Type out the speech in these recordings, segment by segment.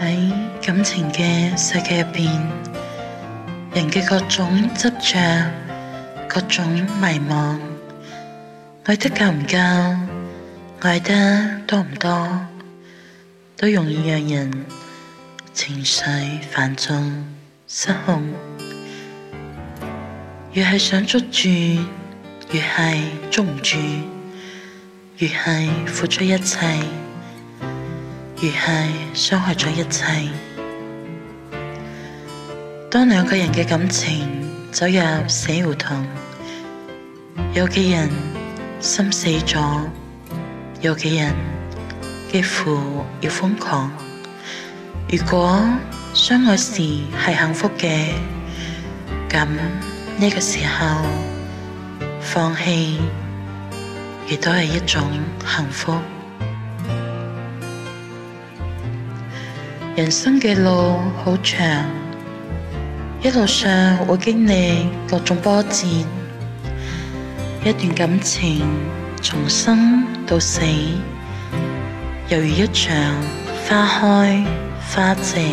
喺感情嘅世界入邊，人嘅各種執着、各種迷惘，愛得夠唔夠，愛得多唔多，都容易讓人情緒繁重失控。越係想捉住，越係捉唔住；越係付出一切。越係傷害咗一切。當兩個人嘅感情走入死胡同，有嘅人心死咗，有嘅人幾乎要瘋狂。如果相愛時係幸福嘅，咁呢個時候放棄，亦都係一種幸福。人生嘅路好長，一路上會經歷各種波折。一段感情從生到死，猶如一場花開花謝。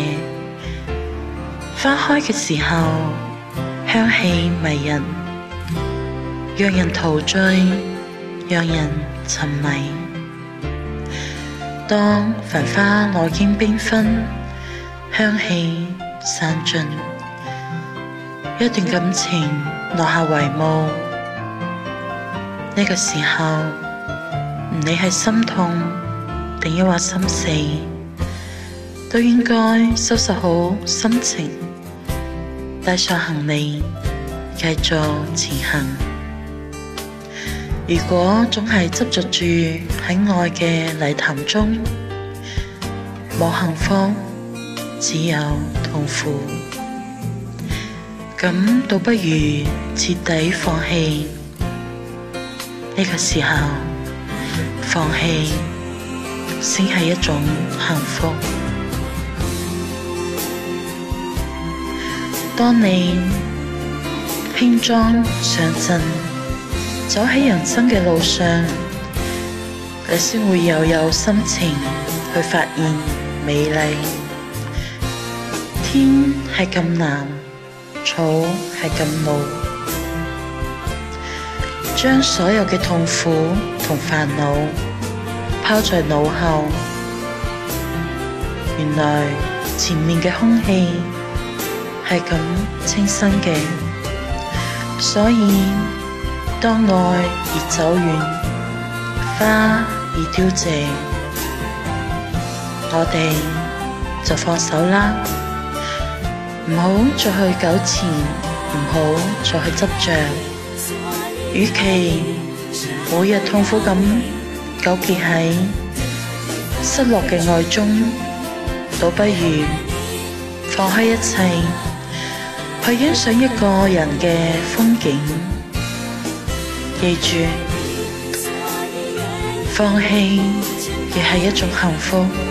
花開嘅時候，香氣迷人，讓人陶醉，讓人沉迷。當繁花落盡，繽紛，香氣散盡，一段感情落下帷幕。呢個時候，唔理係心痛定抑或心死，都應該收拾好心情，帶上行李，繼續前行。如果總係執着住喺愛嘅泥潭中，冇幸福，只有痛苦，咁倒不如徹底放棄呢、這個時候放棄，先係一種幸福。當你輕裝上陣。走喺人生嘅路上，你先會又有心情去發現美麗。天係咁藍，草係咁綠，將所有嘅痛苦同煩惱拋在腦後，原來前面嘅空氣係咁清新嘅，所以。當愛已走遠，花已凋謝，我哋就放手啦，唔好再去糾纏，唔好再去執着。與其每日痛苦咁糾結喺失落嘅愛中，倒不如放開一切，去欣賞一個人嘅風景。記住，放棄也是一種幸福。